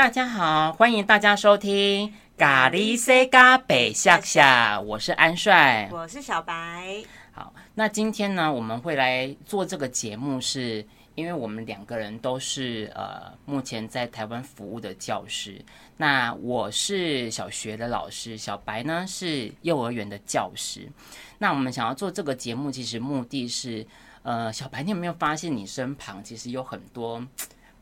大家好，歡迎大家收聽咖喱西咖北下下，我是安帥，我是小白。好，那今天呢，我們會來做這個節目是，是因為我們兩個人都是呃，目前在台灣服務的教師。那我是小學的老師，小白呢是幼兒園的教師。那我們想要做這個節目，其實目的是呃，小白，你有沒有發現你身旁其實有很多，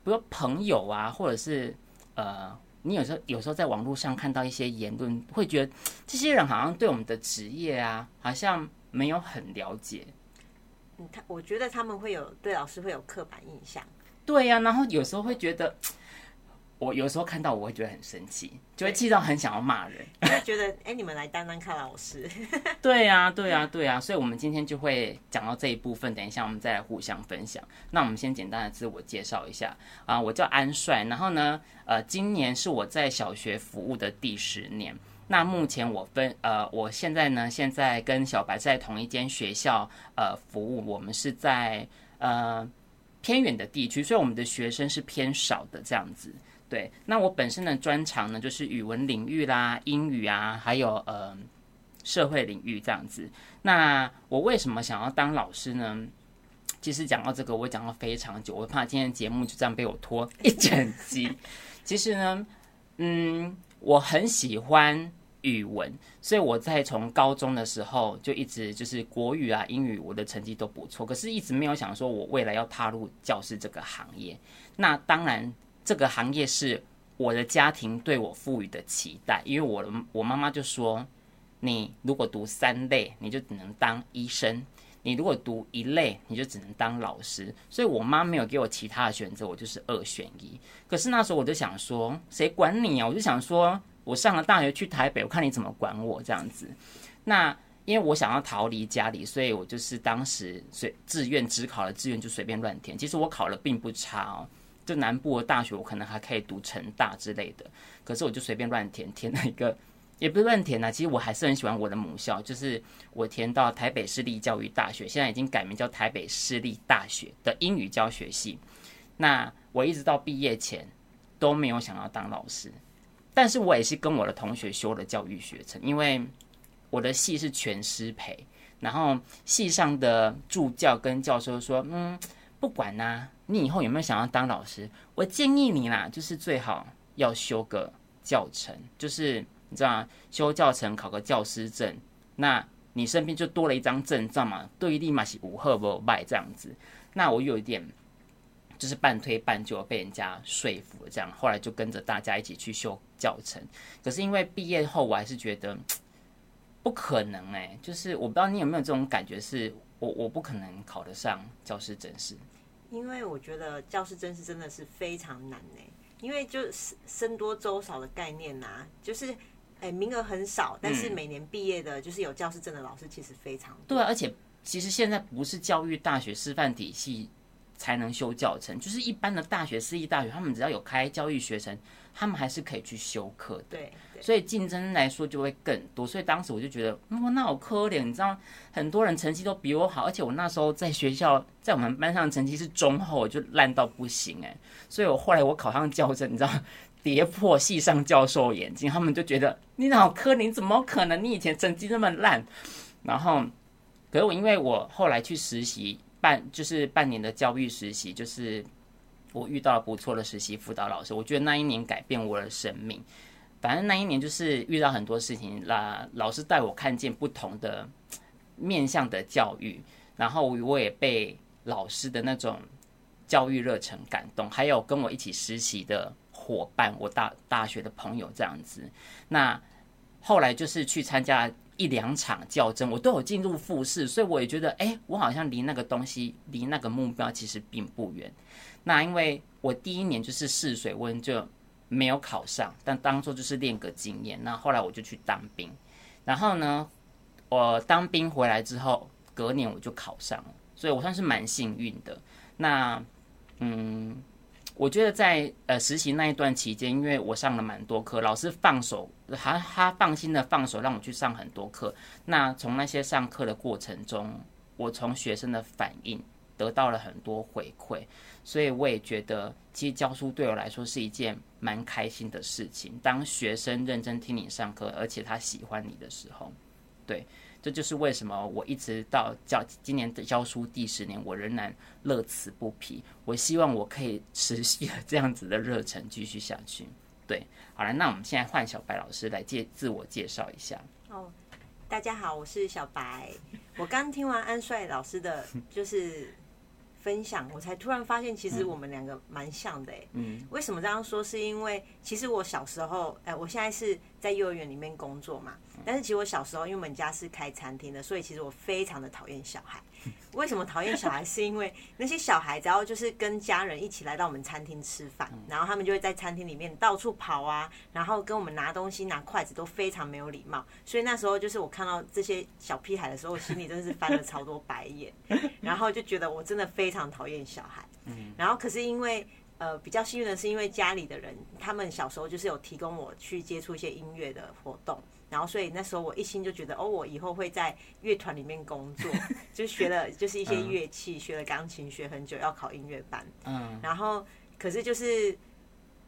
比如朋友啊，或者是呃，你有時候有時候在網絡上看到一些言論，會覺得這些人好像對我們的職業啊，好像沒有很了解。他我覺得他們會有對老師會有刻板印象。對呀，啊，然後有時候會覺得。我有時候看到，我會覺得很生氣，就會氣到很想要罵人。對 就會覺得，欸，你們來當當看老師。 對呀，對呀，對呀，所以我們今天就會講到這一部分。等一下，我們再來互相分享。那我們先簡單的自我介紹一下啊，我叫安帥。然後呢，呃，今年是我在小學服務的第十年。那目前我分，呃，我現在呢，現在跟小白在同一間學校，呃，服務。我們是在呃偏遠的地區，所以我們的學生是偏少的這樣子。對，那我本身的專長呢，就是語文領域啦，英語啊，還有呃社會領域這樣子。那我為什麼想要當老師呢？其實講到這個，我講了非常久，我怕今天節目就這樣被我拖一整期。 其實呢，嗯，我很喜歡語文，所以我在從高中的時候就一直就是國語啊，英語，我的成績都不錯，可是一直沒有想說我未來要踏入教師這個行業。那當然。這個行業是我的家庭對我賦予的期待，因為我我媽媽就說，你如果讀三類，你就只能當醫生；你如果讀一類，你就只能當老師。所以我媽沒有給我其他的選擇，我就是二選一。可是那時候我就想說，誰管你啊？我就想說我上了大學去台北，我看你怎麼管我這樣子。那因為我想要逃離家裡，所以我就是當時隨志願只考了志願就隨便亂填。其實我考了並不差哦。就南部的大學，我可能還可以讀成大之類的，可是我就隨便亂填填了一個，也不是亂填啊，其實我還是很喜歡我的母校，就是我填到台北市立教育大學，現在已經改名叫台北市立大學的英語教學系。那我一直到畢業前都沒有想要當老師，但是我也是跟我的同學修了教育學程，因為我的系是全師培，然後系上的助教跟教授說，嗯。不管啦、啊，你以後有沒有想要當老師？我建議你啦，就是最好要修個教程，就是你知道嗎、啊？修教程考個教師證，那你身邊就多了一張證照嘛，對於立馬是有好沒壞，這樣子。那我有一點就是半推半就被人家說服這樣，後來就跟着大家一起去修教程。可是因為畢業後，我還是覺得不可能哎、欸，就是我不知道你有沒有這種感覺是。我我不可能考得上教師甄試，是因為我覺得教師甄試是真的是非常難呢、欸，因為就是僧多粥少的概念吶、啊,就是誒名額很少，但是每年畢業的就是有教師證的老師其實非常多，嗯、對、啊，而且其實現在不是教育大學師範體系才能修教程，就是一般的大學、私立大學，他們只要有開教育學程，他們還是可以去修課的。對。所以競爭來說就會更多，所以當時我就覺得，嗯，那好可憐，你知道，很多人成績都比我好，而且我那時候在學校，在我們班上成績是中後，我就爛到不行誒、欸。所以我後來我考上教程，你知道，跌破系上教授眼鏡，他們就覺得你那麼可憐，怎麼可能？你以前成績那麼爛，然後，可是我因為我後來去實習半，就是半年的教育實習，就是我遇到了不錯的實習輔導老師，我覺得那一年改變我的生命。反正那一年就是遇到很多事情啦，老師帶我看見不同的面向的教育，然後我也被老師的那種教育熱忱感動，還有跟我一起實習的夥伴，我大大學的朋友這樣子。那後來就是去參加一兩場教甄，我都有進入複試，所以我也覺得，誒，我好像離那個東西，離那個目標其實並不遠。那因為我第一年就是試水溫就。沒有考上，但當作就是練個經驗。那後來我就去當兵，然後呢，我當兵回來之後，隔年我就考上了，所以我算是蠻幸運的。那，嗯，我覺得在呃實習那一段期間，因為我上了蠻多課，老師放手，還他，他放心的放手讓我去上很多課。那從那些上課的過程中，我從學生的反應得到了很多回饋，所以我也覺得，其實教書對我來說是一件蠻開心的事情。當學生認真聽你上課，而且他喜歡你的時候，對，這就是為什麼我一直到教今年教書第十年，我仍然樂此不疲。我希望我可以持續這樣子的熱忱繼續下去。對，好了，那我們現在換小白老師來介自我介紹一下。哦，大家好，我是小白。 我剛聽完安帥老師的，就是。分享，我才突然發現，其實我們兩個蠻像的哎。嗯，為什麼這樣說？是因為其實我小時候，哎，我現在是在幼兒園裡面工作嘛。但是其實我小時候，因為我們家是開餐廳的，所以其實我非常的討厭小孩。為什麼討厭小孩？是因為那些小孩，只要就是跟家人一起來到我們餐廳吃飯，然後他們就會在餐廳裡面到處跑啊，然後跟我們拿東西、拿筷子都非常沒有禮貌。所以那時候，就是我看到這些小屁孩的時候，我心裡真的是翻了超多白眼，然後就覺得我真的非常討厭小孩。嗯，然後可是因為呃比較幸運的是，因為家裡的人，他們小時候就是有提供我去接觸一些音樂的活動。然後，所以那時候我一心就覺得，哦，我以後會在樂團裡面工作， 就學了就是一些樂器，嗯、學了鋼琴，學很久，要考音樂班。嗯。然後，可是就是，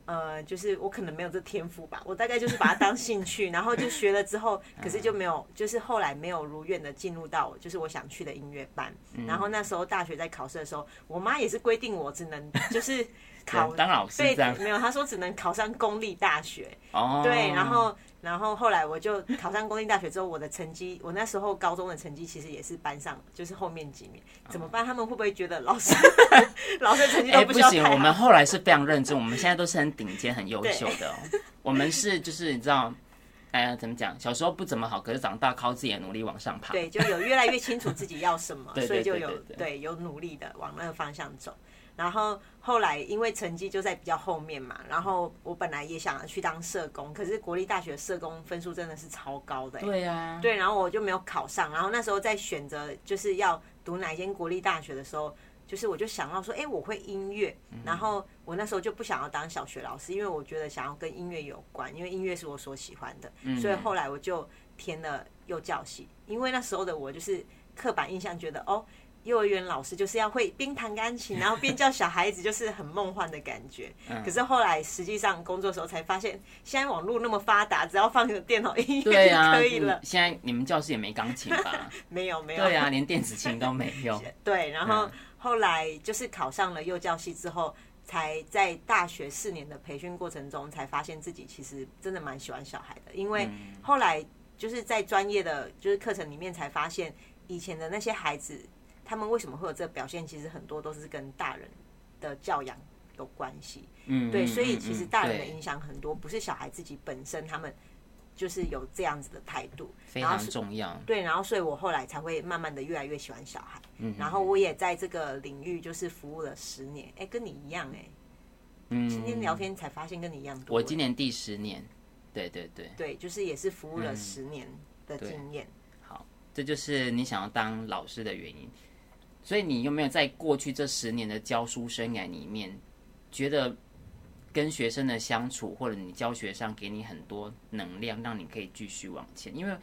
呃，就是我可能沒有這天賦吧，我大概就是把它當興趣， 然後就學了之後，可是就沒有，就是後來沒有如願的進入到我就是我想去的音樂班。嗯、然後那時候大學在考試的時候，我媽也是規定我只能就是。 考對當老師對。沒有，他說只能考上公立大學。哦，oh. 對，然後，然後後來我就考上公立大學之後，我的成績，我那時候高中的成績其實也是班上就是後面幾名。怎麼辦？他們會不會覺得老師，oh. 老師成績都不,、欸、不行？我們後來是非常認真，我們現在都是很頂尖、很優秀的，哦。對我們是就是你知道，哎呀，怎麼講？小時候不怎麼好，可是長大靠自己的努力往上爬。對，就有越來越清楚自己要什麼，所以就有對有努力的往那個方向走。然後後來因為成績就在比較後面嘛，然後我本來也想要去當社工，可是國立大學社工分數真的是超高的欸，對呀、啊，對，然後我就沒有考上。然後那時候在選擇就是要讀哪一間國立大學的時候，就是我就想到說，哎，我會音樂，然後我那時候就不想要當小學老師，因為我覺得想要跟音樂有關，因為音樂是我所喜歡的，所以後來我就填了幼教系，因為那時候的我就是刻板印象覺得哦。幼兒園老師就是要會邊彈鋼琴，然後邊教小孩子，就是很夢幻的感覺。 嗯，可是後來實際上工作的時候才發現，現在網絡那麼發達，只要放個電腦音樂就可以了。嗯，現在你們教室也沒鋼琴吧？ 沒有，沒有。對啊，連電子琴都沒有。 對，然後後來就是考上了幼教系之後，才在大學四年的培訓過程中，才發現自己其實真的蠻喜歡小孩的。因為後來就是在專業的就是課程裡面才發現，以前的那些孩子，他們為什麼會有這個表現？其實很多都是跟大人的教養有關係。嗯，嗯，嗯，嗯，對，所以其實大人的影響很多對不是小孩自己本身，他們就是有這樣子的態度。非常重要。對，然後所以我後來才會慢慢的越來越喜歡小孩。嗯哼，然後我也在這個領域就是服務了十年。哎、欸，跟你一樣哎。嗯。今天聊天才發現跟你一樣多、嗯。我今年第十年。對對對。對，就是也是服務了十年的經驗、嗯。好，這就是你想要當老師的原因。所以你有沒有在過去這十年的教書生涯裡面，覺得跟學生的相處，或者你教學上給你很多能量，讓你可以繼續往前？因為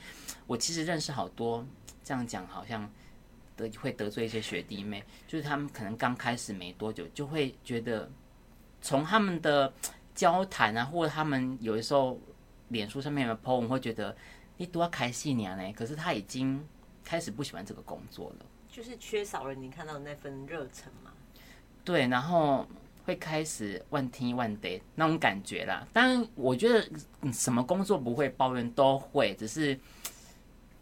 我其實認識好多，這樣講好像得會得罪一些學弟妹，就是他們可能剛開始沒多久，就會覺得從他們的交談啊，或者他們有的時候臉書上面的 PO，我會覺得你多開心呀，呢，可是他已經開始不喜歡這個工作了。就是缺少了你看到的那份熱忱嘛？對，然後會開始萬聽萬得那種感覺啦。當然，我覺得什麼工作不會抱怨都會，只是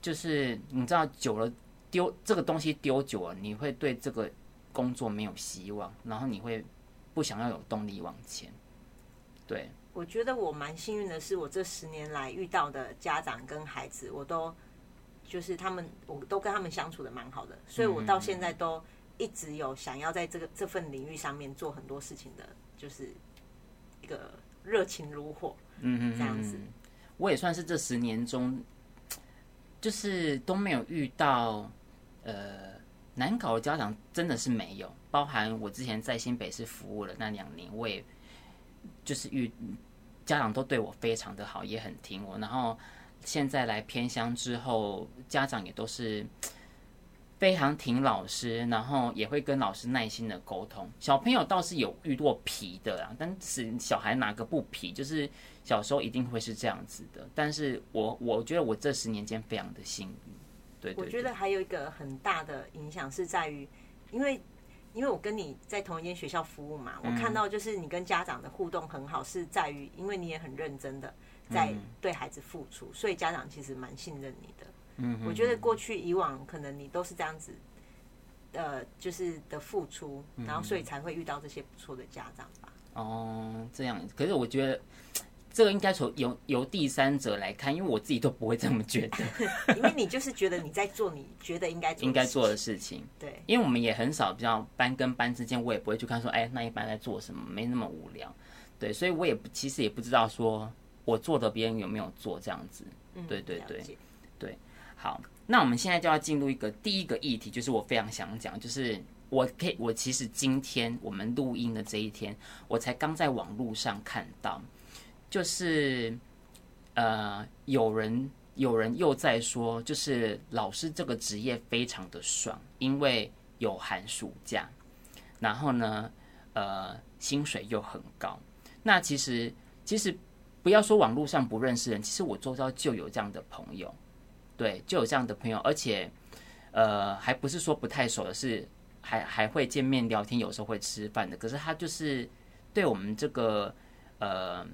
就是你知道久了丟這個東西丟久了，你會對這個工作沒有希望，然後你會不想要有動力往前。對，我覺得我蠻幸運的是，我這十年來遇到的家長跟孩子，我都。就是他們，我都跟他們相處的蠻好的，所以我到現在都一直有想要在這個這份領域上面做很多事情的，就是一個熱情如火，嗯嗯，這樣子嗯嗯。我也算是這十年中，就是都沒有遇到呃難搞的家長，真的是沒有。包含我之前在新北市服務了那兩年，我也就是遇家長都對我非常的好，也很聽我，然後，現在來偏鄉之後，家長也都是非常挺老師，然後也會跟老師耐心的溝通。小朋友倒是有遇過皮的啊，但是小孩哪個不皮？就是小時候一定會是這樣子的。但是我我覺得我這十年間非常的幸運。對，對，我覺得還有一個很大的影響是在於，因為因為我跟你在同一間學校服務嘛，我看到就是你跟家長的互動很好，是在於因為你也很認真的。在對孩子付出，嗯、所以家長其實蠻信任你的。嗯哼，我覺得過去以往可能你都是這樣子，呃，就是的付出，然後所以才會遇到這些不錯的家長吧、嗯。哦，這樣，可是我覺得這個應該從由由第三者來看，因為我自己都不會這麼覺得， 因為你就是覺得你在做你覺得應該應該做的事情。事情對，因為我們也很少比較班跟班之間，我也不會去看說，哎、欸，那一班在做什麼，沒那麼無聊。對，所以我也不其實也不知道說。我做的別人有沒有做這樣子？對對對、嗯，對，好，那我們現在就要進入一個第一個議題，就是我非常想講，就是我可以，我其實今天我們錄音的這一天，我才剛在網絡上看到，就是呃，有人有人又在說，就是老師這個職業非常的爽，因為有寒暑假，然後呢，呃，薪水又很高，那其實其實。不要說網絡上不認識人，其實我周遭就有這樣的朋友，對，就有這樣的朋友，而且，呃，還不是說不太熟的，是還還會見面聊天，有時候會吃飯的。可是他就是對我們這個呃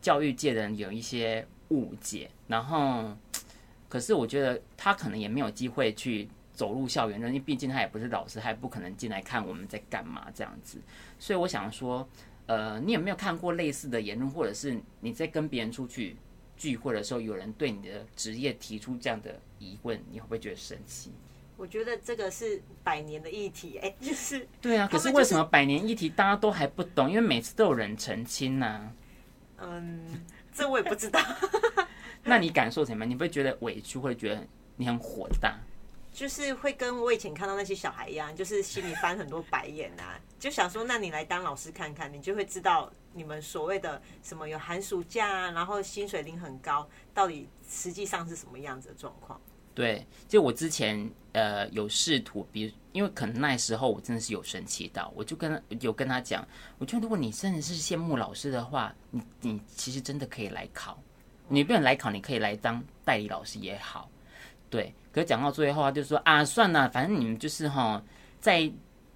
教育界的人有一些誤解，然後，可是我覺得他可能也沒有機會去走入校園，因為畢竟他也不是老師，他也不可能進來看我們在幹嘛這樣子。所以我想說。呃，你有沒有看過類似的言論，或者是你在跟別人出去聚會的時候，有人對你的職業提出這樣的疑問，你會不會覺得神奇？我覺得這個是百年的議題，哎、欸，就是對啊。可是為什麼百年議題大家都還不懂？就是、因為每次都有人澄清呢、啊。嗯，這我也不知道。 那你感受什麼？你不會覺得委屈，或者覺得你很火大？就是會跟我以前看到那些小孩一樣，就是心裡翻很多白眼吶、啊，就想說：那你來當老師看看，你就會知道你們所謂的什麼有寒暑假，啊，然後薪水領很高，到底實際上是什麼樣子的狀況？對，就我之前呃有試圖，比如因為可能那時候我真的是有生氣到，我就跟我有跟他講，我覺得如果你真的是羨慕老師的話，你你其實真的可以來考，你不用來考，你可以來當代理老師也好。對，可是講到最後他就說，啊，算了，反正你們就是哈，在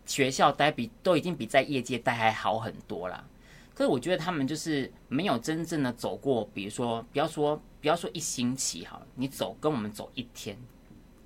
學校待比都已經比在業界待還好很多啦。可是我覺得他們就是沒有真正的走過，比如說，不要說不要說一星期哈，你走跟我們走一天，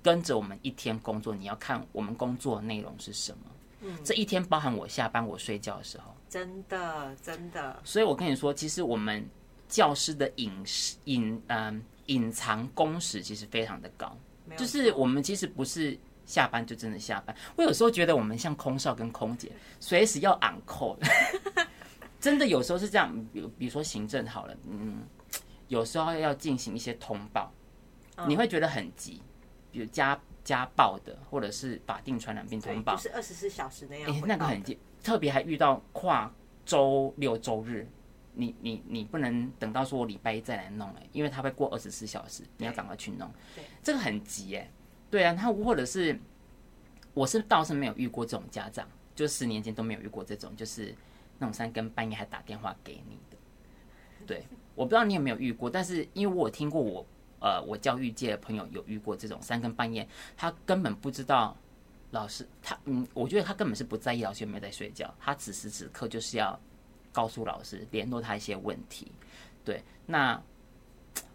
跟着我們一天工作，你要看我們工作內容是什麼？嗯，這一天包含我下班我睡覺的時候。真的，真的。所以我跟你說，其實我們教師的飲食飲嗯。隱藏工時其實非常的高，就是我們其實不是下班就真的下班。我有時候覺得我們像空少跟空姐，隨時要 on call，真的有時候是這樣。比如比如說行政好了，嗯，有時候要進行一些通報，你會覺得很急。比如家家暴的，或者是法定傳染病通報，就是二十四小時那樣。那個很急，特別還遇到跨周六周日。你你你不能等到說我禮拜一再來弄嘞、欸，因為他會過二十四小時，你要趕快去弄。對，對這個很急哎、欸。對啊，他或者是我是倒是沒有遇過這種家長，就十年前都沒有遇過這種，就是那種三更半夜還打電話給你的。對，我不知道你有沒有遇過，但是因為我有聽過我呃我教育界的朋友有遇過這種三更半夜，他根本不知道老師他嗯，我覺得他根本是不在意老師有沒有在睡覺，他此時此刻就是要。告訴老師聯絡他一些問題，對，那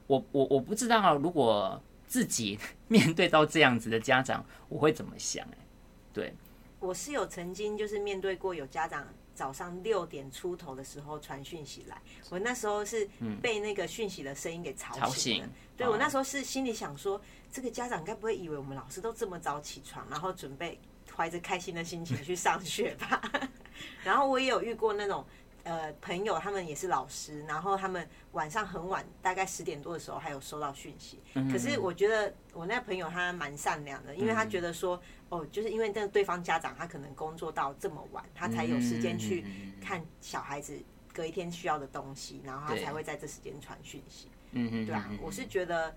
我我我不知道，如果自己面對到這樣子的家長，我會怎麼想？欸，對我是有曾經就是面對過有家長早上六點出頭的時候傳訊息來，嗯、我那時候是被那個訊息的聲音給吵醒，吵醒，對我那時候是心裡想說，嗯、這個家長該不會以為我們老師都這麼早起床，然後準備懷着開心的心情去上學吧？ 然後我也有遇過那種。呃，朋友他們也是老師，然後他們晚上很晚，大概十點多的時候還有收到訊息。嗯、哼可是我覺得我那朋友他蠻善良的，嗯、哼因為他覺得說，哦，就是因為那對，對方家長他可能工作到這麼晚，他才有時間去看小孩子隔一天需要的東西，嗯、哼然後他才會在這時間傳訊息。嗯嗯對，對啊，我是覺得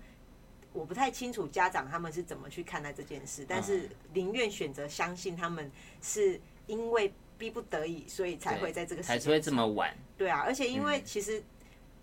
我不太清楚家長他們是怎麼去看待這件事，嗯、哼但是寧願選擇相信他們是因為。逼不得已，所以才會在這個時間才是會這麼晚。對啊，而且因為其實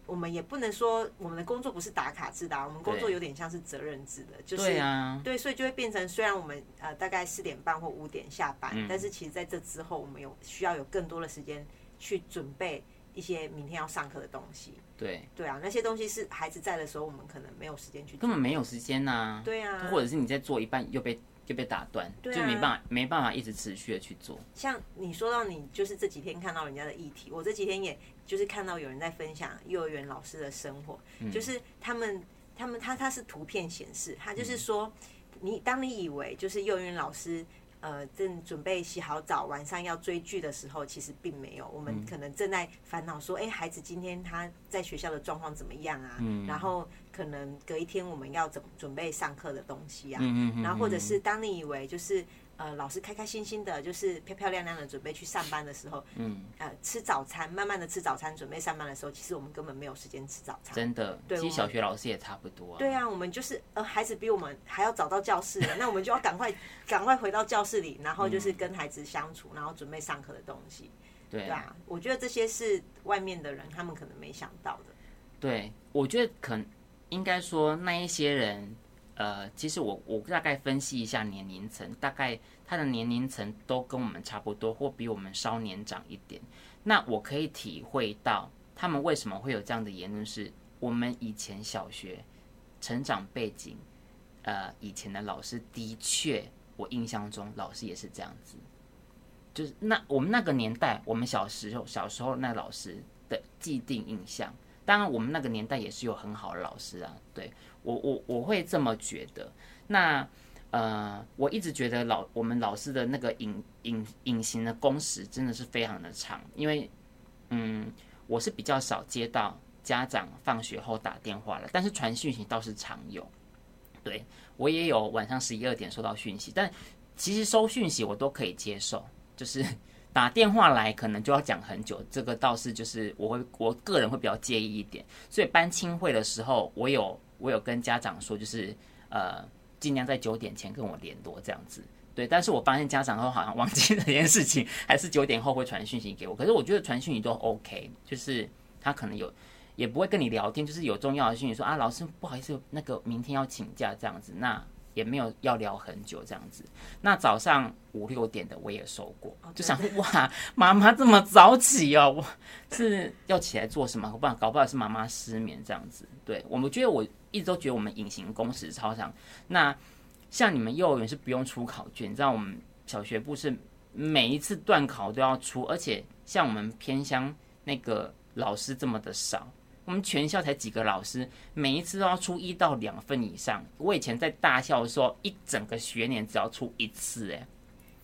我們也不能說我們的工作不是打卡制的，啊，嗯、我們工作有點像是責任制的，對就是對啊，對，所以就會變成雖然我們呃大概四點半或五點下班，嗯、但是其實在這之後我們有需要有更多的時間去準備一些明天要上課的東西。對，對啊，那些東西是孩子在的時候，我們可能沒有時間去準備，根本沒有時間吶，啊。對啊，或者是你在做一半又被。就被打斷，啊、就沒辦法，沒辦法一直持續的去做。像你說到，你就是這幾天看到人家的議題，我這幾天也就是看到有人在分享幼兒園老師的生活，嗯、就是他們，他們，他他是圖片顯示，他就是說，嗯、你當你以為就是幼兒園老師，呃，正準備洗好澡，晚上要追劇的時候，其實並沒有，我們可能正在煩惱說，哎、嗯欸，孩子今天他在學校的狀況怎麼樣啊？嗯、然後。可能隔一天我們要怎麼準備上課的東西啊？嗯嗯嗯，然後或者是當你以為就是呃老師開開心心的，就是漂漂亮亮的準備去上班的時候，嗯，呃吃早餐，慢慢的吃早餐準備上班的時候，其實我們根本沒有時間吃早餐。真的，對，其實小學老師也差不多，啊。對啊，我們就是呃孩子比我們還要早到教室，啊， 那我們就要趕快趕快回到教室裡，然後就是跟孩子相處，然後準備上課的東西。嗯、對啊，對啊，我覺得這些是外面的人他們可能沒想到的。對，我覺得可能。應該說，那一些人，呃，其實我我大概分析一下年齡層，大概他的年齡層都跟我們差不多，或比我們稍年長一點。那我可以體會到他們為什麼會有這樣的言論，是我們以前小學成長背景，呃，以前的老師的確，我印象中老師也是這樣子，就是那我們那個年代，我們小時候，小時候那老師的既定印象。當然，我們那個年代也是有很好的老師啊！對，我，我我會這麼覺得。那呃，我一直覺得老我們老師的那個隱隱隱形的工時真的是非常的長，因為嗯，我是比較少接到家長放學後打電話了，但是傳訊息倒是常有。對，我也有晚上十一二點收到訊息，但其實收訊息我都可以接受，就是。打電話來可能就要講很久，這個倒是就是我會我個人會比較介意一點，所以班親會的時候，我有我有跟家長說，就是呃盡量在九點前跟我聯絡這樣子。對，但是我發現家長都好像忘記這件事情，還是九點後會傳訊息給我。可是我覺得傳訊息都 OK，就是他可能有也不會跟你聊天，就是有重要的訊息說啊老師不好意思，那個明天要請假這樣子那。也沒有要聊很久這樣子，那早上五六點的我也收過，oh, 就想，對對對，哇，媽媽這麼早起哦，我是要起來做什麼？我不管，搞不好是媽媽失眠這樣子。對，我們覺得我一直都覺得我們隱形工時超長。那像你們幼兒園是不用出考卷，你知道我們小學部是每一次段考都要出，而且像我們偏鄉那個老師這麼的少。我們全校才幾個老師，每一次都要出一到兩份以上。我以前在大校的時候，一整個學年只要出一次。欸。哎，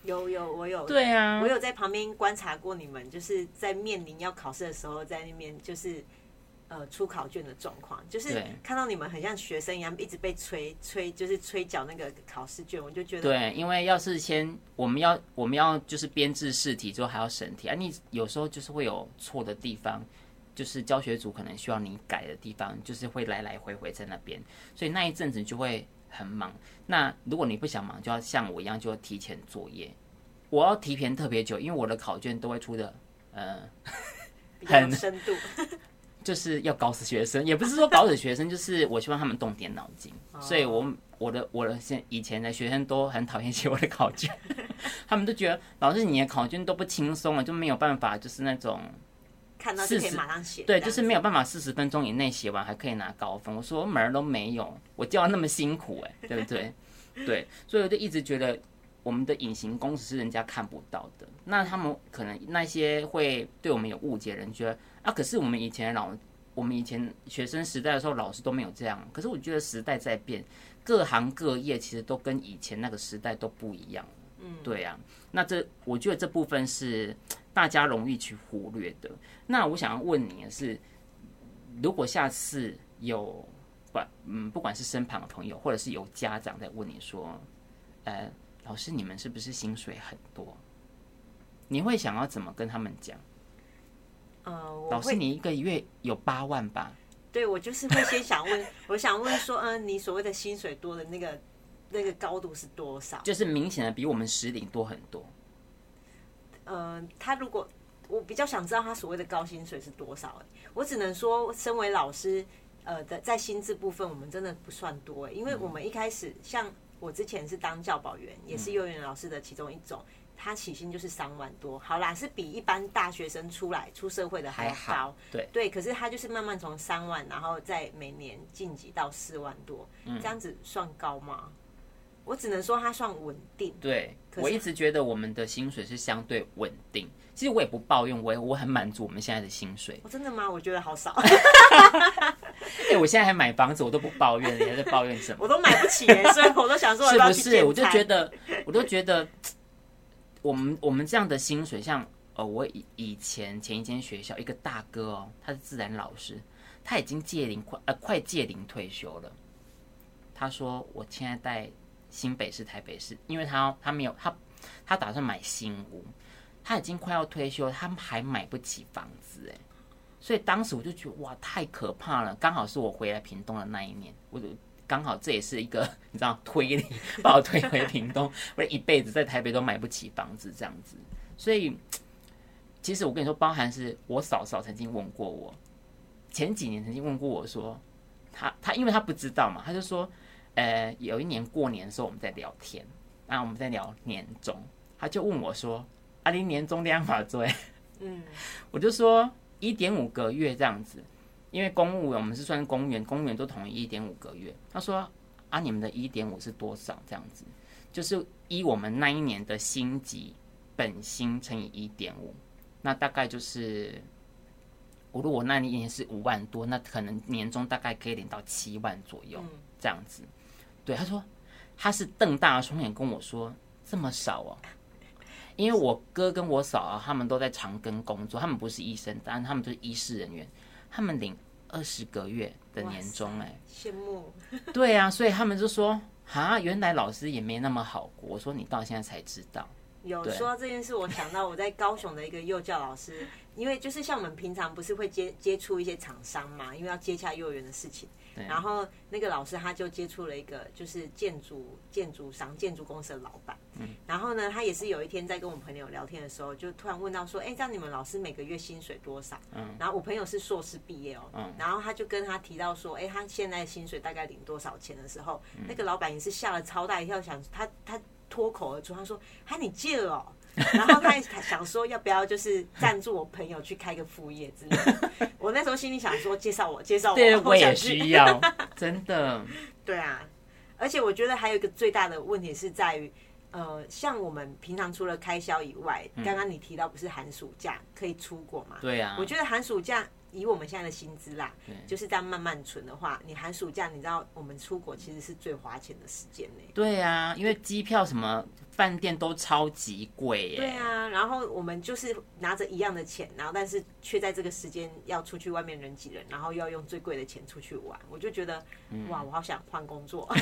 有有我有，對啊，我有在旁邊觀察過你們，就是在面臨要考試的時候，在那邊就是呃出考卷的狀況，就是看到你們很像學生一樣，一直被催催，就是催繳那個考試卷，我就覺得對，因為要事先我們要我們要就是編制試題之後還要審題啊，你有時候就是會有錯的地方。就是教學組可能需要你改的地方，就是會來來回回在那邊，所以那一陣子就會很忙。那如果你不想忙，就要像我一樣，就要提前作業。我要提前特別久，因為我的考卷都會出得，嗯、呃，很深度很，就是要搞死學生，也不是說搞死學生， 就是我希望他們動點腦筋。所以我我的我的現以前的學生都很討厭寫我的考卷，他們都覺得老師你的考卷都不輕鬆了，就沒有辦法，就是那種。四十對，就是沒有辦法四十分鐘以內寫完還可以拿高分。我說門兒都沒有，我教那麼辛苦哎、欸，對不對？ 對，所以我就一直覺得我們的隱形工時是人家看不到的。那他們可能那些會對我們有誤解，人覺得啊，可是我們以前老，我們以前學生時代的時候老師都沒有這樣。可是我覺得時代在變，各行各業其實都跟以前那個時代都不一樣。嗯，對啊。嗯、那這我覺得這部分是。大家容易去忽略的。那我想要問你的是，如果下次有不嗯，不管是身旁的朋友，或者是有家長在問你說，呃，老師你們是不是薪水很多？你會想要怎麼跟他們講？呃，老師你一個月有八萬吧？對，我就是會先想問， 我想問說，嗯、呃，你所謂的薪水多的那個那個高度是多少？就是明顯的比我們實領多很多。嗯、呃，他如果我比較想知道他所謂的高薪水是多少、欸，哎，我只能說，身為老師，呃，在在薪資部分，我們真的不算多、欸，因為我們一開始像我之前是當教保員，嗯、也是幼兒園老師的其中一種，他起薪就是三萬多，好啦，是比一般大學生出來出社會的還高、還好，對對，可是他就是慢慢從三萬，然後再每年晉級到四萬多，這樣子算高嗎？我只能說它算穩定。對，是我一直覺得我們的薪水是相對穩定。其實我也不抱怨，我也我很滿足我們現在的薪水。真的嗎？我覺得好少。哎、 欸，我現在還買房子，我都不抱怨，你還在抱怨什麼？我都買不起，所以我都想說是不是，我就覺得，我都覺得，我們我們這樣的薪水，像呃，我以以前前一間學校一個大哥哦，他是自然老師，他已經屆齡快呃快屆齡退休了。他說：“我現在帶。”新北市、台北市，因為他他沒有他，他打算買新屋，他已經快要退休，他還買不起房子誒、欸。所以當時我就覺得哇，太可怕了。剛好是我回來屏東的那一年，我就剛好這也是一個你知道推理把我推回屏東， 我一輩子在台北都買不起房子這樣子。所以其實我跟你說，包含是我嫂嫂曾經問過我，前幾年曾經問過我說，他他，他因為他不知道嘛，他就說。呃，有一年過年的時候，我們在聊天，啊，我們在聊年終，他就問我說：“阿、啊、你年終多法做？”嗯，我就說：“一點五個月這樣子，因為公務員我們是算公務員，公務員都統一一點五個月。”他說：“啊，你們的一點五是多少？”這樣子，就是依我們那一年的薪級本薪乘以一點五，那大概就是，我如果那一年是五萬多，那可能年終大概可以領到七萬左右，這樣子。嗯對，他說，他是瞪大雙眼跟我說：“這麼少哦，因為我哥跟我嫂啊，他們都在長庚工作，他們不是醫生，但他們就是醫師人員，他們領二十個月的年終，哎，羨慕。對啊，所以他們就說：哈，原來老師也沒那麼好過。我說你到現在才知道。有說到這件事，我想到我在高雄的一個幼教老師，因為就是像我們平常不是會接接觸一些廠商嘛，因為要接洽幼兒園的事情。對然後那個老師他就接觸了一個就是建築建築商、建築公司的老闆，然後呢，他也是有一天在跟我朋友聊天的時候，就突然問到說：“哎，這樣你們老師每個月薪水多少？”然後我朋友是碩士畢業哦，然後他就跟他提到說：“哎，他現在薪水大概領多少錢的時候？”那個老板也是嚇了超大一跳，想他他脫口而出，他說：“啊，他你借了喔。” 然後他想說要不要就是贊助我朋友去開個副業之類的。我那時候心裡想說，介紹我介紹我，我也需要，真的。 對啊，而且我覺得還有一個最大的問題是在於，呃，像我們平常除了開銷以外，剛剛、嗯、你提到不是寒暑假可以出國嘛？對啊，我覺得寒暑假以我們現在的薪資啦，對就是這樣慢慢存的話，你寒暑假你知道我們出國其實是最花錢的時間內、欸。對啊，因為機票什麼。飯店都超級貴、欸，對啊，然後我們就是拿着一樣的錢，然後但是卻在這個時間要出去外面人擠人，然後又要用最貴的錢出去玩，我就覺得、嗯、哇，我好想換工作。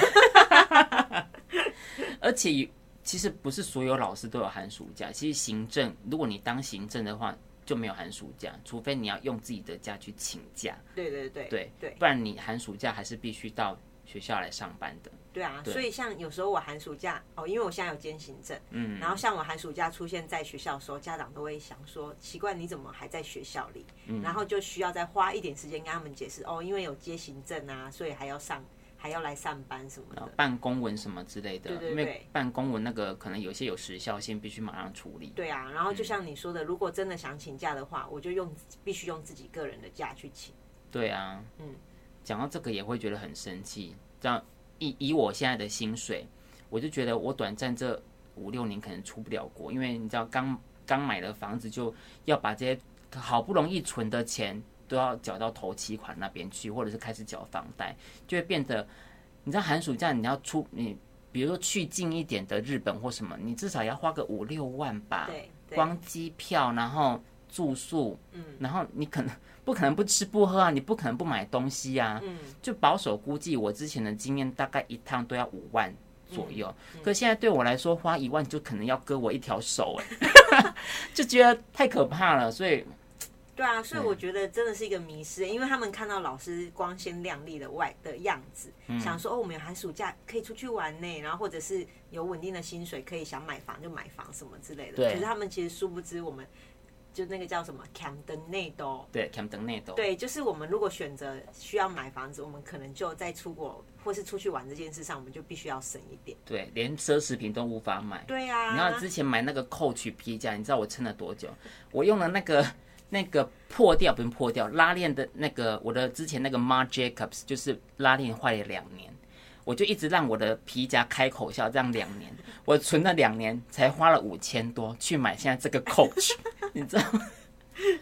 而且其實不是所有老師都有寒暑假，其實行政如果你當行政的話就沒有寒暑假，除非你要用自己的假去請假。對對對對對，對對不然你寒暑假還是必須到。學校來上班的，對啊，對，所以像有時候我寒暑假哦，因為我現在有兼行政，嗯，然後像我寒暑假出現在學校的時候，家長都會想說，奇怪，你怎麼還在學校裡，嗯，然後就需要再花一點時間跟他們解釋哦，因為有兼行政啊，所以還要上，還要來上班什麼的，辦公文什麼之類的，對，對，對，因為辦公文那個可能有些有時效性，必須馬上處理。對啊，然後就像你說的，嗯，如果真的想請假的話，我就用必須用自己個人的假去請。對啊，嗯。講到這個也會覺得很生氣，這樣以以我現在的薪水，我就覺得我短暫這五六年可能出不了國，因為你知道剛剛買的房子就要把這些好不容易存的錢都要繳到頭期款那邊去，或者是開始繳房貸，就會變得，你知道寒暑假你要出你，比如說去近一點的日本或什麼，你至少要花個五六萬吧，對，光機票然後住宿，嗯，然後你可能。不可能不吃不喝啊！你不可能不買東西呀、啊！嗯，就保守估計，我之前的經驗大概一趟都要五萬左右。嗯嗯、可現在對我來說，花一萬就可能要割我一條手哎、欸， 就覺得太可怕了。所以，對啊，所以我覺得真的是一個迷思，對因為他們看到老師光鮮亮麗的外的樣子，嗯、想說哦，我們有寒暑假可以出去玩呢，然後或者是有穩定的薪水，可以想買房就買房什麼之類的。可對是他們其實殊不知我們。就那個叫什麼，Camdenado 對，Camdenado 對，就是我們如果選擇需要買房子，我們可能就在出國或是出去玩這件事上，我們就必須要省一點。對，連奢侈品都無法買。對啊。你知道之前買那個 Coach 皮夾你知道我撐了多久？ 我用的那個那個破掉不用破掉，拉鏈的那個我的之前那個 Mar Jacobs 就是拉鏈壞了兩年。我就一直讓我的皮夾開口笑，這樣兩年，我存了兩年才花了五千多去買現在這個 Coach， 你知道嗎？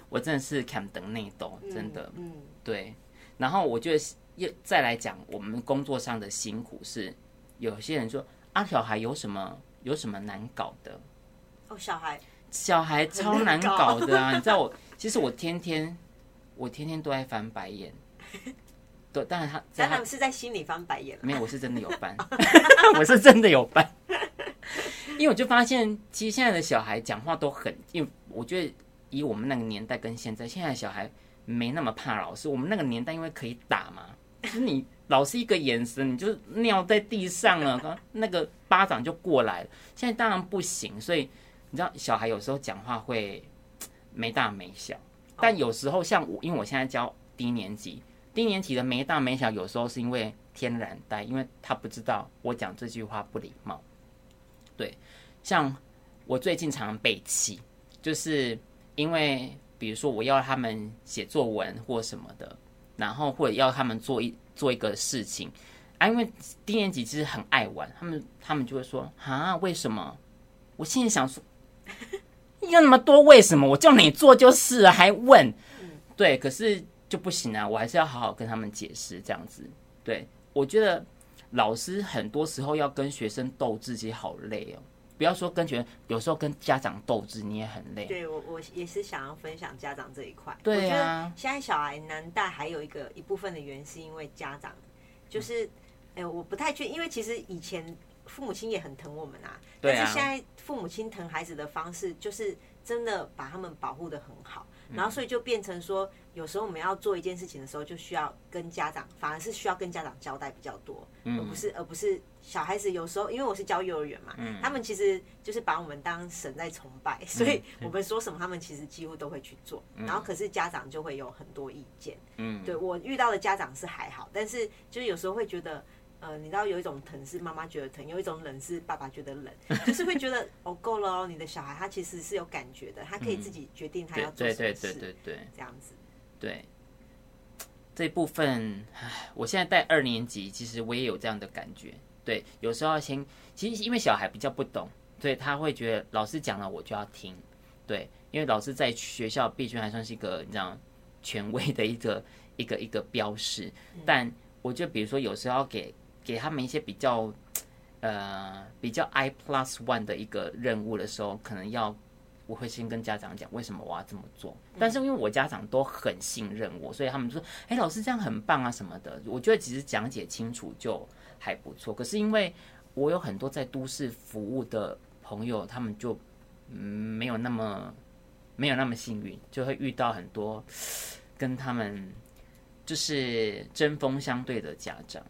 我真的是看 i n d 內鬥，真的。嗯，嗯，對。然後我就又再來講我們工作上的辛苦，是有些人說啊，小孩有什麼有什麼難搞的？哦，小孩，小孩超難搞的啊！你知道我，其實我天天我天天都在翻白眼。當然他，是在心裡翻白眼了。沒有，我是真的有翻， 我是真的有翻。因為我就發現，其實現在的小孩講話都很……因為我覺得以我們那個年代跟現在，現在的小孩沒那麼怕老師。我們那個年代因為可以打嘛，就是你老師一個眼神，你就尿在地上了，那個巴掌就過來了。現在當然不行，所以你知道，小孩有時候講話會沒大沒小。但有時候像我，因為我現在教低年級。低年級的沒大沒小，有時候是因為天然呆，因為他不知道我講這句話不禮貌。對，像我最近常被氣，就是因為比如說我要他們寫作文或什麼的，然後或者要他們做一做一個事情啊，因為低年級其實很愛玩，他們他們就會說啊，為什麼？我心裡想說，有那麼多為什麼？我叫你做就是，還問？對，可是。就不行啊！我還是要好好跟他們解釋這樣子。對，我覺得老師很多時候要跟學生鬥智，自己好累哦。不要說跟學生，有時候跟家長鬥智，你也很累。對，我我也是想要分享家長這一塊。對啊，我覺得現在小孩難帶，還有一個一部分的原因是因為家長，就是哎、欸，我不太確定，因為其實以前父母親也很疼我們啊。對啊。但是現在父母親疼孩子的方式，就是真的把他們保護得很好。嗯、然後，所以就變成說，有時候我們要做一件事情的時候，就需要跟家長，反而是需要跟家長交代比較多，而不是而不是小孩子。有時候，因為我是教幼兒園嘛，嗯、他們其實就是把我們當神在崇拜，嗯、所以我們說什麼，他們其實幾乎都會去做。嗯、然後，可是家長就會有很多意見。嗯，對我遇到的家長是還好，但是就是有時候會覺得。呃，你知道有一種疼是媽媽覺得疼，有一種冷是爸爸覺得冷，就是會覺得 哦，夠了哦，你的小孩他其實是有感覺的，他可以自己決定他要做什麼事，嗯、對對對對對，對這樣子，對這部分，唉，我現在帶二年級，其實我也有這樣的感覺，對，有時候先，其實因為小孩比較不懂，所以他會覺得老師講了我就要聽，對，因為老師在學校畢竟還算是一個你知道權威的一個一個一個標識。嗯、但我就比如說有時候要給。給他們一些比較，呃，比較 I plus one 的一個任務的時候，可能要我會先跟家長講為什麼我要這麼做。但是因為我家長都很信任我，所以他們就說：“哎，老師這樣很棒啊，什麼的。”我覺得其實講解清楚就還不錯。可是因為我有很多在都市服務的朋友，他們就沒有那麼沒有那麼幸運，就會遇到很多跟他們就是針鋒相對的家長。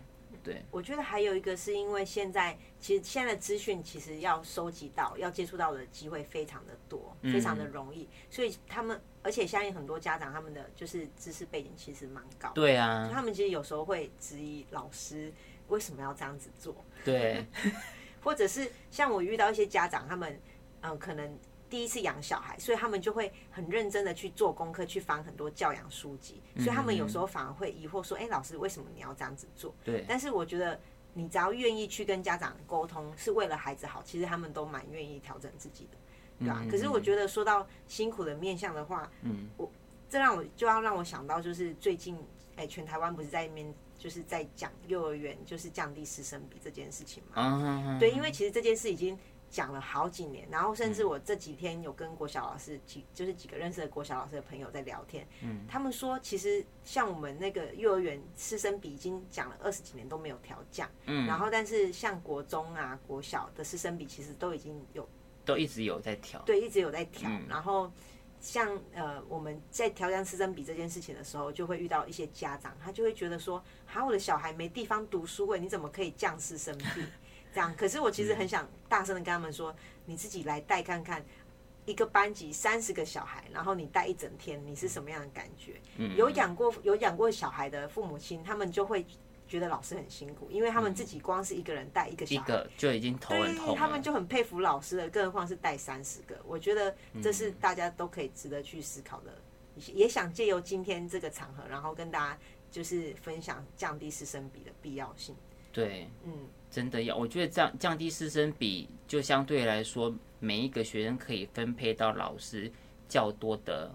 對我覺得還有一個是因為現在，其實現在的資訊其實要收集到，要接觸到的機會非常的多，非常的容易。嗯、所以他們，而且相信很多家長他們的就是知識背景其實蠻高。對啊，他們其實有時候會質疑老師為什麼要這樣子做。對， 或者是像我遇到一些家長，他們嗯、呃、可能。第一次養小孩，所以他們就會很認真的去做功課，去翻很多教養書籍，所以他們有時候反而會疑惑說：“嗯嗯嗯哎，老師，為什麼你要這樣子做？”對。但是我覺得，你只要願意去跟家長溝通，是為了孩子好，其實他們都蠻願意調整自己的，對啊。嗯嗯嗯嗯，可是我覺得，說到辛苦的面向的話，嗯，嗯，嗯，我這讓我就要讓我想到，就是最近哎，全台灣不是在那邊就是在講幼兒園就是降低師生比這件事情嘛？啊、哈哈對，因為其實這件事已經。講了好幾年，然後甚至我這幾天有跟國小老師、嗯、幾，就是幾個認識的國小老師的朋友在聊天，嗯，他們說其實像我們那個幼兒園師生比已經講了二十幾年都沒有調降，嗯，然後但是像國中啊國小的師生比其實都已經有，都一直有在調，對，一直有在調。嗯、然後像呃我們在調降師生比這件事情的時候，就會遇到一些家長，他就會覺得說，哈我的小孩沒地方讀書喂、欸，你怎麼可以降師生比？ 這樣，可是我其實很想大聲的跟他們說，嗯、你自己來帶看看，一個班級三十個小孩，然後你帶一整天，你是什麼樣的感覺？嗯、有養過有養過小孩的父母親，他們就會覺得老師很辛苦，因為他們自己光是一個人帶一個小孩、嗯、一個就已經頭很痛，他們就很佩服老師的，更何況是帶三十個。我覺得這是大家都可以值得去思考的，嗯、也想借由今天這個場合，然後跟大家就是分享降低師生比的必要性。對，嗯。真的要，我覺得降降低師生比，就相對來說，每一個學生可以分配到老師較多的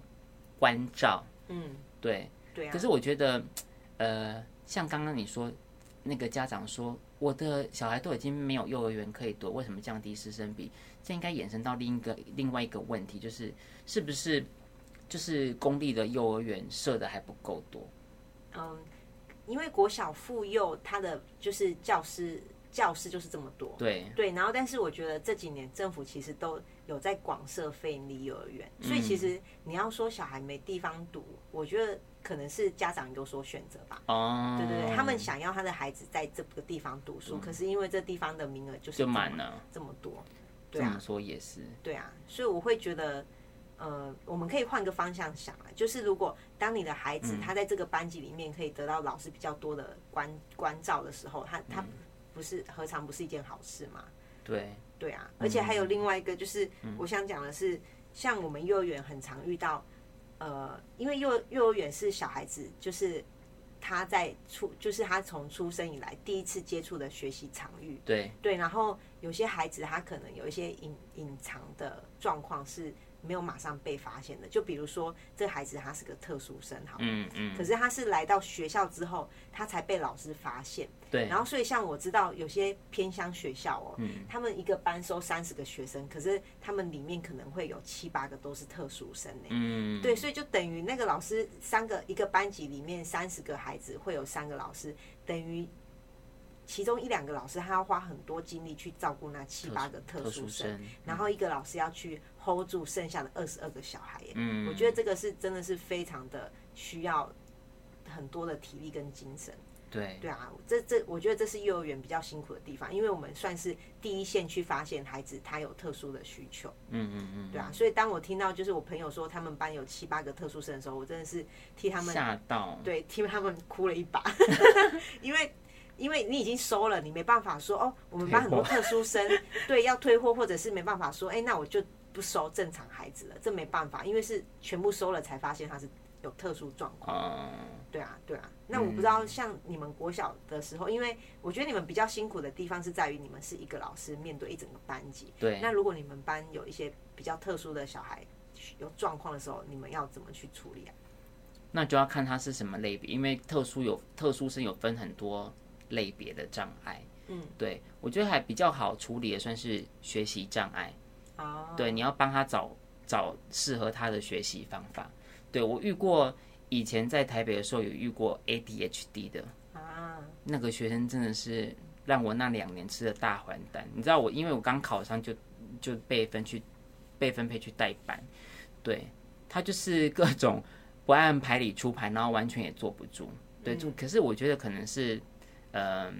關照。嗯，對，對啊。可是我覺得，呃，像剛剛你說，那個家長說，我的小孩都已經沒有幼兒園可以讀，為什麼降低師生比？這應該衍生到另一個另外一個問題，就是是不是就是公立的幼兒園設的還不夠多？嗯，因為國小附幼，他的就是教師，教室就是這麼多，對對，然後但是我覺得這幾年政府其實都有在廣設非營利幼兒園，所以其實你要說小孩沒地方讀，嗯、我覺得可能是家長有所選擇吧。哦，對對對，他們想要他的孩子在這個地方讀書，嗯、可是因為這地方的名額就是滿了這麼多，對、啊，這麼說也是對啊，所以我會覺得，呃，我們可以換個方向想啊，就是如果當你的孩子他在這個班級裡面可以得到老師比較多的關關照的時候，他他。嗯不是何嘗不是一件好事嘛？對對啊，嗯、而且還有另外一個，就是、嗯、我想講的是，像我們幼兒園很常遇到，呃，因為幼幼兒園是小孩子，就是他在出，就是他從出生以來第一次接觸的學習場域。對對，然後有些孩子他可能有一些隱隱藏的狀況是。沒有馬上被發現的，就比如說這孩子他是個特殊生好，好、嗯，嗯嗯，可是他是來到學校之後，他才被老師發現，對，然後所以像我知道有些偏鄉學校哦、喔，嗯、他們一個班收三十個學生，可是他們裡面可能會有七八個都是特殊生、欸嗯、對，所以就等於那個老師三個一個班級裡面三十個孩子會有三個老師，等於其中一兩個老師他要花很多精力去照顧那七八個特殊生，特殊生嗯、然後一個老師要去。hold 住剩下的二十二個小孩耶，我覺得這個是真的是非常的需要很多的體力跟精神。對，對啊，這這我覺得這是幼兒園比較辛苦的地方，因為我們算是第一線去發現孩子他有特殊的需求。嗯嗯嗯，對啊，所以當我聽到就是我朋友說他們班有七八個特殊生的時候，我真的是替他們嚇到，對，替他們哭了一把。 因為因為你已經收了，你沒辦法說哦、喔，我們班很多特殊生，對，要退貨或者是沒辦法說，哎，那我就。不收正常孩子了，這沒辦法，因為是全部收了才發現他是有特殊狀況。嗯，對啊，對啊。那我不知道，像你們國小的時候，嗯，因為我覺得你們比較辛苦的地方是在於你們是一個老師面對一整個班級。對。那如果你們班有一些比較特殊的小孩有狀況的時候，你們要怎麼去處理啊？那就要看他是什麼類別，因為特殊有特殊生有分很多類別的障礙。嗯，對我覺得還比較好處理也算是學習障礙。對，你要幫他找找適合他的學習方法。對，我遇過以前在台北的時候有遇過 ADHD 的啊，那個學生真的是讓我那兩年吃的大還丹。你知道我，因為我剛考上就就被分去被分配去代班。對，他就是各種不按牌理出牌，然後完全也坐不住。對，嗯、可是我覺得可能是，嗯、呃。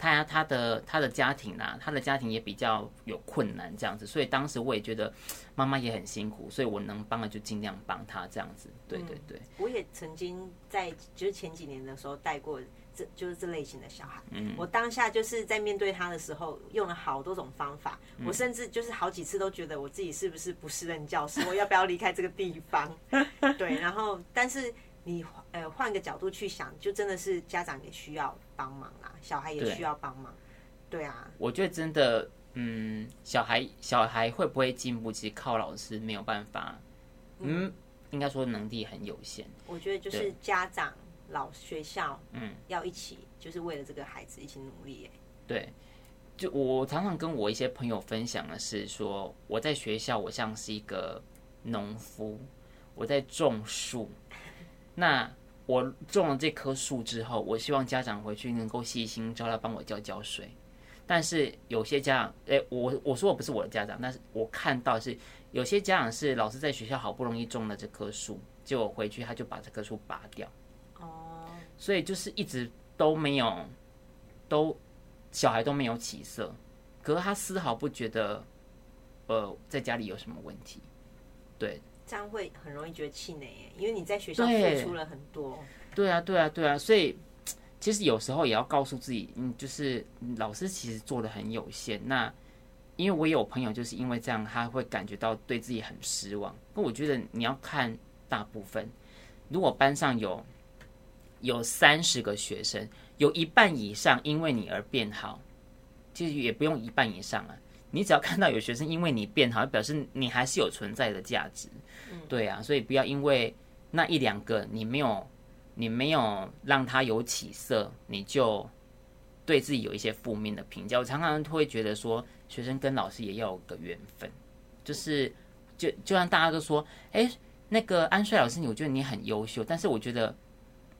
他他的他的家庭吶、啊，他的家庭也比較有困難這樣子，所以當時我也覺得媽媽也很辛苦，所以我能幫的就盡量幫他這樣子。對對對，嗯、我也曾經在就是前幾年的時候帶過這就是這類型的小孩。嗯，我當下就是在面對他的時候用了好多種方法，嗯、我甚至就是好幾次都覺得我自己是不是不適任教師， 我要不要離開這個地方？對，然後但是你。呃，換個角度去想，就真的是家長也需要幫忙啦，小孩也需要幫忙，對，對啊。我覺得真的，嗯，小孩小孩會不會進步，其實靠老師沒有辦法，嗯，嗯應該說能力很有限。我覺得就是家長、對老學校，嗯，要一起，嗯、就是為了這個孩子一起努力、欸。對，就我常常跟我一些朋友分享的是說，我在學校，我像是一個農夫，我在種樹， 那。我種了這棵樹之後，我希望家長回去能夠細心教他幫我澆澆水。但是有些家長，哎，我我說我不是我的家長，但是我看到是有些家長是老師在學校好不容易種了這棵樹，結果回去他就把這棵樹拔掉。哦，所以就是一直都沒有，都小孩都沒有起色，可是他絲毫不覺得，呃，在家裡有什麼問題，對。這樣會很容易覺得氣餒，因為你在學校付出了很多對。對啊，對啊，對啊，所以其實有時候也要告訴自己，嗯，就是老師其實做得很有限。那因為我有朋友就是因為這樣，他會感覺到對自己很失望。那我覺得你要看大部分，如果班上有有三十個學生，有一半以上因為你而變好，其實也不用一半以上了，啊。你只要看到有學生因為你變好，表示你還是有存在的價值，對啊，所以不要因為那一兩個你沒有，你沒有讓他有起色，你就對自己有一些負面的評價。我常常會覺得說，學生跟老師也要有個緣分，就是就就像大家都說，哎、欸，那個安帥老師，你我覺得你很優秀，但是我覺得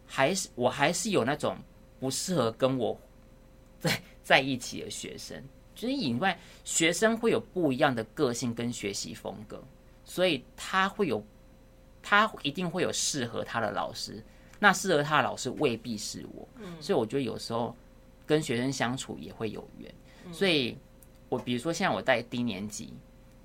還是我還是有那種不適合跟我在在一起的學生。就是以外，學生會有不一樣的個性跟學習風格，所以他會有，他一定會有適合他的老師。那適合他的老師未必是我，所以我覺得有時候跟學生相處也會有緣。所以我比如說，現在我帶低年級，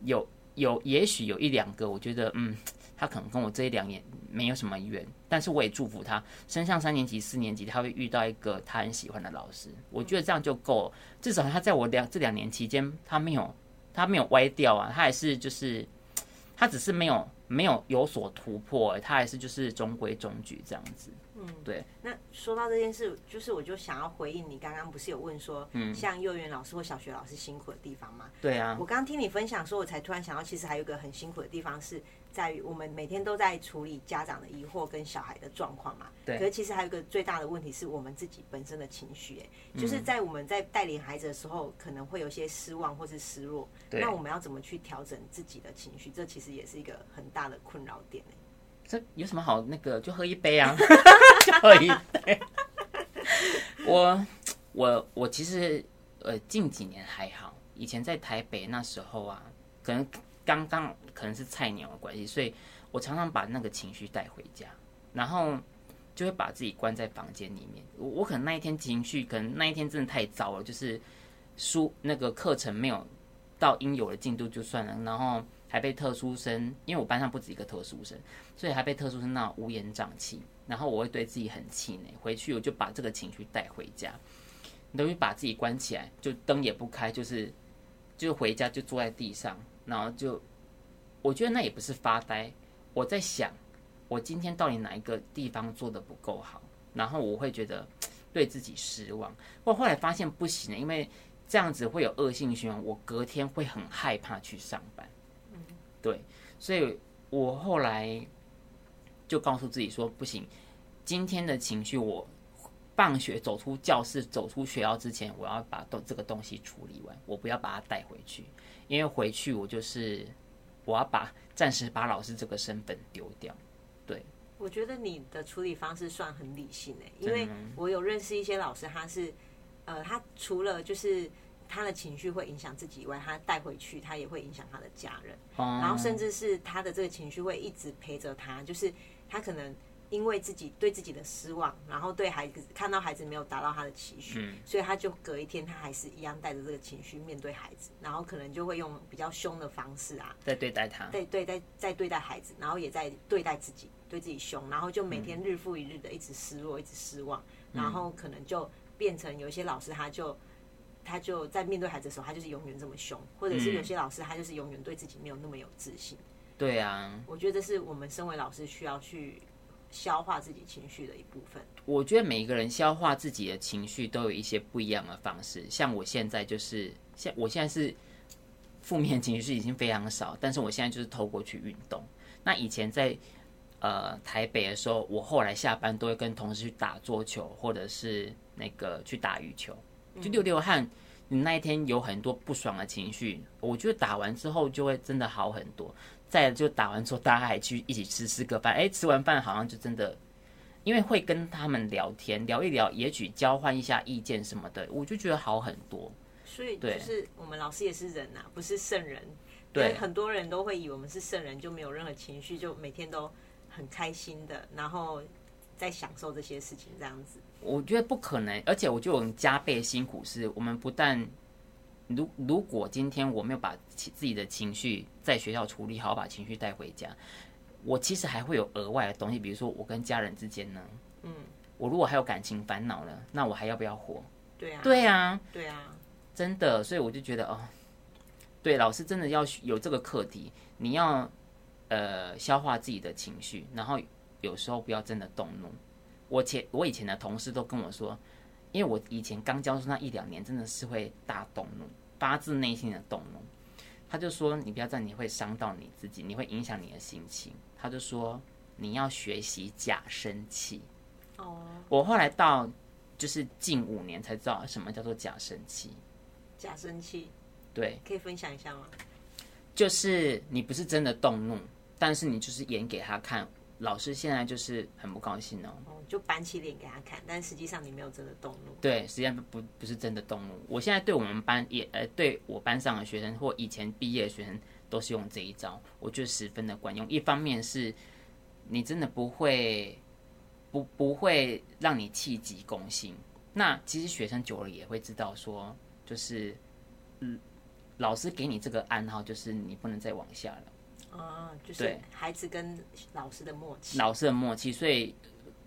有有也許有一兩個，我覺得嗯。他可能跟我這一兩年沒有什麼緣，但是我也祝福他升上三年級、四年級，他會遇到一個他很喜歡的老師。我覺得這樣就夠了，至少他在我兩這兩年期間，他沒有他沒有歪掉啊，他還是就是他只是沒有沒有有所突破，他還是就是中規中矩這樣子。嗯，對。那說到這件事，就是我就想要回應你剛剛不是有問說嗯，像幼兒園老師或小學老師辛苦的地方嗎？對啊。我剛剛聽你分享說，我才突然想到，其實還有一個很辛苦的地方是。在於我們每天都在處理家長的疑惑跟小孩的狀況嘛，對。可是其實還有一個最大的問題是我們自己本身的情緒，嗯、就是在我們在帶領孩子的時候，可能會有些失望或是失落。對。那我們要怎麼去調整自己的情緒？這其實也是一個很大的困擾點。這有什麼好那個，就喝一杯啊， 就喝一杯。我我我其實呃近幾年還好，以前在台北那時候啊，可能。剛剛可能是菜鳥的關係，所以我常常把那個情緒帶回家，然後就會把自己關在房間裡面。我，我可能那一天情緒，可能那一天真的太糟了，就是書那個課程沒有到應有的進度就算了，然後還被特殊生，因為我班上不止一個特殊生，所以還被特殊生鬧烏煙瘴氣。然後我會對自己很氣餒，回去我就把這個情緒帶回家，等於把自己關起來，就燈也不開，就是就回家就坐在地上。然後就，我覺得那也不是發呆，我在想，我今天到底哪一個地方做得不夠好，然後我會覺得對自己失望。我後來發現不行，因為這樣子會有惡性循環，我隔天會很害怕去上班。對，所以我後來就告訴自己說，不行，今天的情緒，我放學走出教室、走出學校之前，我要把東這個東西處理完，我不要把它帶回去。因為回去我就是，我要把暫時把老師這個身份丟掉。對，我覺得你的處理方式算很理性誒、欸，因為我有認識一些老師，他是，呃，他除了就是他的情緒會影響自己以外，他帶回去他也會影響他的家人，嗯。然後甚至是他的這個情緒會一直陪着他，就是他可能。因為自己對自己的失望，然後對孩子看到孩子沒有達到他的期許，嗯、所以他就隔一天他還是一樣帶着這個情緒面對孩子，然後可能就會用比較凶的方式啊，在對待他，對對，在在對待孩子，然後也在對待自己，對自己凶，然後就每天日復一日的一直失落，嗯、一直失望，然後可能就變成有一些老師，他就他就在面對孩子的時候，他就是永遠這麼凶，或者是有些老師，他就是永遠對自己沒有那麼有自信。嗯嗯、對啊，我覺得這是我們身為老師需要去。消化自己情緒的一部分。我覺得每一個人消化自己的情緒都有一些不一樣的方式。像我現在就是，像我現在是負面情緒已經非常少，但是我現在就是透過去運動。那以前在呃台北的時候，我後來下班都會跟同事去打桌球，或者是那個去打羽球，就流流汗。你那一天有很多不爽的情緒，我覺得打完之後就會真的好很多。再就打完之後，大家還去一起吃吃個飯。哎、欸，吃完飯好像就真的，因為會跟他們聊天，聊一聊，也許交換一下意見什麼的，我就覺得好很多。所以就是我們老師也是人吶、啊，不是聖人。對，很多人都會以為我們是聖人，就沒有任何情緒，就每天都很開心的，然後在享受這些事情這樣子。我覺得不可能，而且我覺得我加倍辛苦，是我們不但。如如果今天我沒有把自己的情緒在學校處理好，把情緒帶回家，我其實還會有額外的東西，比如說我跟家人之間呢，嗯，我如果還有感情煩惱了，那我還要不要活？對啊，對啊，對啊，真的，所以我就覺得哦，對，老師真的要有這個課題，你要呃消化自己的情緒，然後有時候不要真的動怒。我前我以前的同事都跟我說，因為我以前剛教書那一兩年，真的是會大動怒，發自內心的動怒。他就說：“你不要這樣，你會傷到你自己，你會影響你的心情。”他就說：“你要學習假生氣。”哦，我後來到就是近五年才知道什麼叫做假生氣。假生氣，對，可以分享一下嗎？就是你不是真的動怒，但是你就是演給他看。老師現在就是很不高興哦，就板起臉給他看，但實際上你沒有真的動怒。對，實際上不不是真的動怒。我現在對我們班也呃，對我班上的學生或以前畢業的學生都是用這一招，我覺得十分的管用。一方面是你真的不會不不會讓你氣急攻心，那其實學生久了也會知道說，就是嗯，老師給你這個暗號，就是你不能再往下了。哦、啊，就是孩子跟老師的默契，對老師的默契。所以，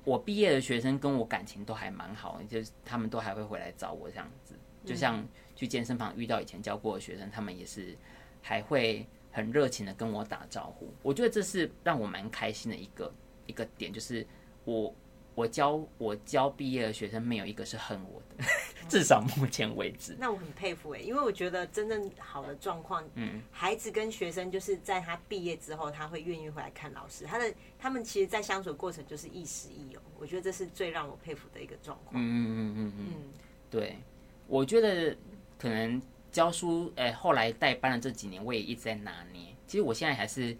我畢業的學生跟我感情都還蠻好，就是，他們都還會回來找我這樣子。就像去健身房遇到以前教過的學生，他們也是還會很熱情的跟我打招呼。我覺得這是讓我蠻開心的一個一個點，就是我我教我教畢業的學生沒有一個是恨我的。至少目前為止，嗯、那我很佩服。哎、欸，因為我覺得真正好的狀況，嗯，孩子跟學生就是在他畢業之後，他會願意回來看老師，他的他們其實，在相處的過程就是亦師亦友，我覺得這是最讓我佩服的一個狀況。嗯嗯嗯嗯嗯，嗯對，我覺得可能教書，哎、欸，後來帶班的這幾年，我也一直在拿捏。其實我現在還是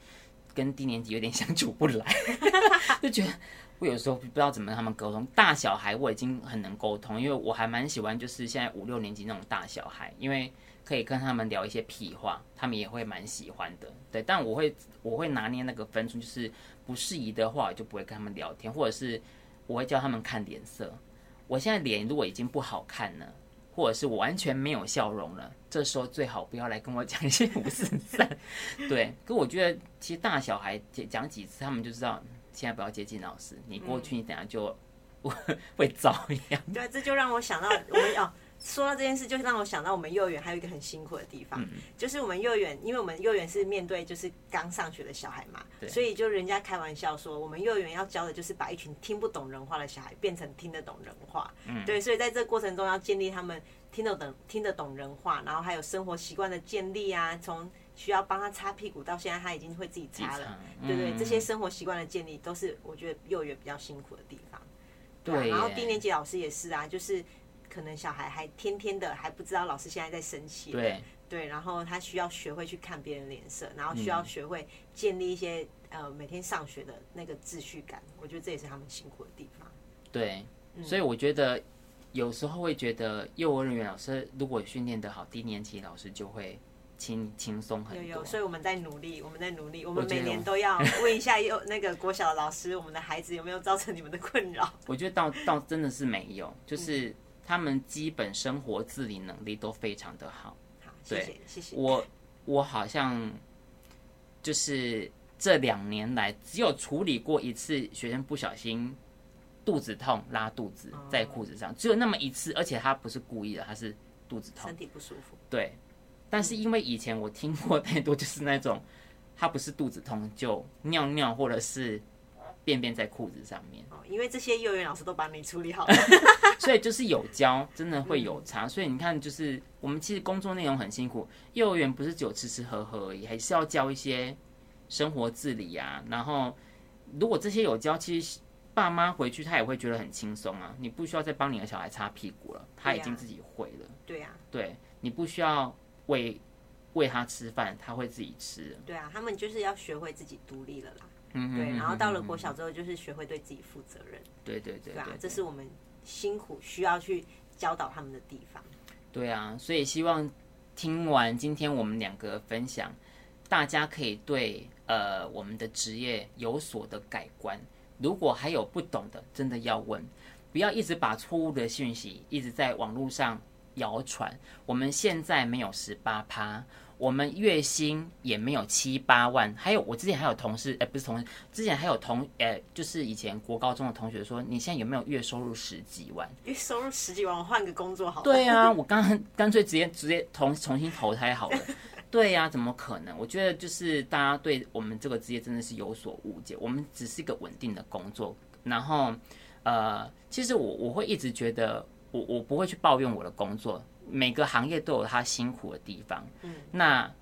跟低年級有點相處不來， 就覺得。我有時候不知道怎麼跟他們溝通。大小孩我已經很能溝通，因為我還蠻喜歡就是現在五六年級那種大小孩，因為可以跟他們聊一些屁話，他們也會蠻喜歡的。對，但我會我會拿捏那個分寸，就是不適宜的話，我就不會跟他們聊天，或者是我會叫他們看臉色。我現在臉如果已經不好看了，或者是我完全沒有笑容了，這時候最好不要來跟我講一些五四三。 對，可我覺得其實大小孩講講幾次，他們就知道。現在不要接近老師，你過去你等下就、嗯、會遭一樣。對，這就讓我想到我們、哦、說到這件事就讓我想到我們幼兒園還有一個很辛苦的地方，嗯、就是我們幼兒園，因為我們幼兒園是面對就是剛上學的小孩嘛，對，所以就人家開玩笑說，我們幼兒園要教的就是把一群聽不懂人話的小孩變成聽得懂人話。嗯、對，所以在這個過程中要建立他們聽得懂聽得懂人話，然後還有生活習慣的建立啊，從。需要幫他擦屁股，到現在他已經會自己擦了。嗯、對，對對，這些生活習慣的建立都是我覺得幼兒園比較辛苦的地方。對、啊，對，然後低年級老師也是啊，就是可能小孩還天天的還不知道老師現在在生氣。對對，然後他需要學會去看別人臉色，然後需要學會建立一些、嗯、呃每天上學的那個秩序感。我覺得這也是他們辛苦的地方。對，嗯、所以我覺得有時候會覺得幼兒園老師如果訓練得好，低年級老師就會。輕輕鬆很多。有，有，所以我們在努力，我們在努力，我們每年都要問一下那個國小老師，我們的孩子有沒有造成你們的困擾？我覺得倒倒真的是沒有，就是他們基本生活自理能力都非常的好。嗯、對，好，謝謝謝謝。我我好像就是這兩年來只有處理過一次學生不小心肚子痛拉肚子在褲子上，哦、只有那麼一次，而且他不是故意的，他是肚子痛身體不舒服。對。但是因為以前我聽過太多，就是那種他不是肚子痛就尿尿或者是便便在褲子上面。哦，因為這些幼兒園老師都幫你處理好了， 所以就是有教真的會有差。所以你看，就是我們其實工作內容很辛苦，幼兒園不是只有吃吃喝喝而已，還是要教一些生活自理啊。然後如果這些有教，其實爸媽回去他也會覺得很輕鬆啊。你不需要再幫你的小孩擦屁股了，他已經自己會了。對呀，對，你不需要。餵，餵他吃飯，他會自己吃。對啊，他們就是要學會自己獨立了啦。嗯哼，對，然後到了國小之後，就是學會對自己負責任。對對對，對對對。對啊，這是我們辛苦需要去教導他們的地方。對啊，所以希望聽完今天我們兩個分享，大家可以對呃我們的職業有所的改觀。如果還有不懂的，真的要問，不要一直把錯誤的訊息一直在網絡上。謠傳，我們現在沒有十八趴，我們月薪也沒有七八萬。還有我之前還有同事，欸、不是同事，之前還有同，哎、欸，就是以前國高中的同學說，你現在有沒有月收入十幾萬？月收入十幾萬，我換個工作好了。對啊，我剛乾脆直接直接重重新投胎好了。對呀、啊，怎麼可能？我覺得就是大家對我們這個職業真的是有所誤解，我們只是一個穩定的工作。然後，呃，其實我我會一直覺得。我我不會去抱怨我的工作，每個行業都有它辛苦的地方。嗯那，那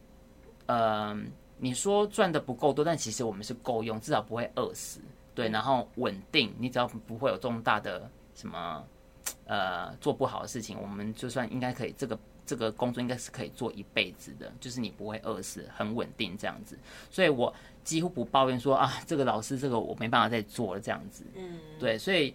呃，你說賺得不夠多，但其實我們是夠用，至少不會餓死。對，然後穩定，你只要不會有重大的什麼呃做不好的事情，我們就算應該可以，這個這個工作應該是可以做一輩子的，就是你不會餓死，很穩定這樣子。所以我幾乎不抱怨說啊，這個老師這個我沒辦法再做了這樣子。嗯，對，所以。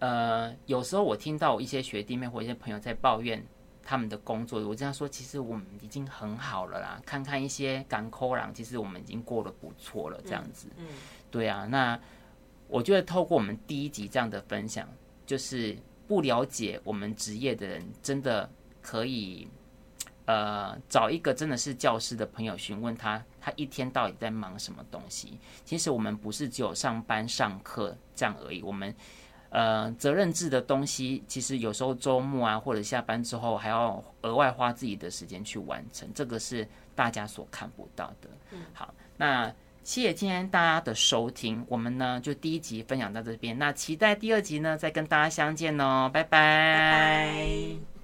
呃，有時候我聽到一些學弟妹或一些朋友在抱怨他們的工作，我這樣說，其實我們已經很好了啦。看看一些甘苦人，其實我們已經過得不錯了，這樣子。嗯，嗯。對啊。那我覺得透過我們第一集這樣的分享，就是不了解我們職業的人，真的可以呃找一個真的是教師的朋友詢問他，他一天到底在忙什麼東西？其實我們不是只有上班上課這樣而已，我們。呃，責任制的東西，其實有時候周末啊，或者下班之後，還要額外花自己的時間去完成，這個是大家所看不到的。嗯。好，那謝謝今天大家的收聽，我們呢就第一集分享到這邊，那期待第二集呢再跟大家相見哦，拜拜。拜拜。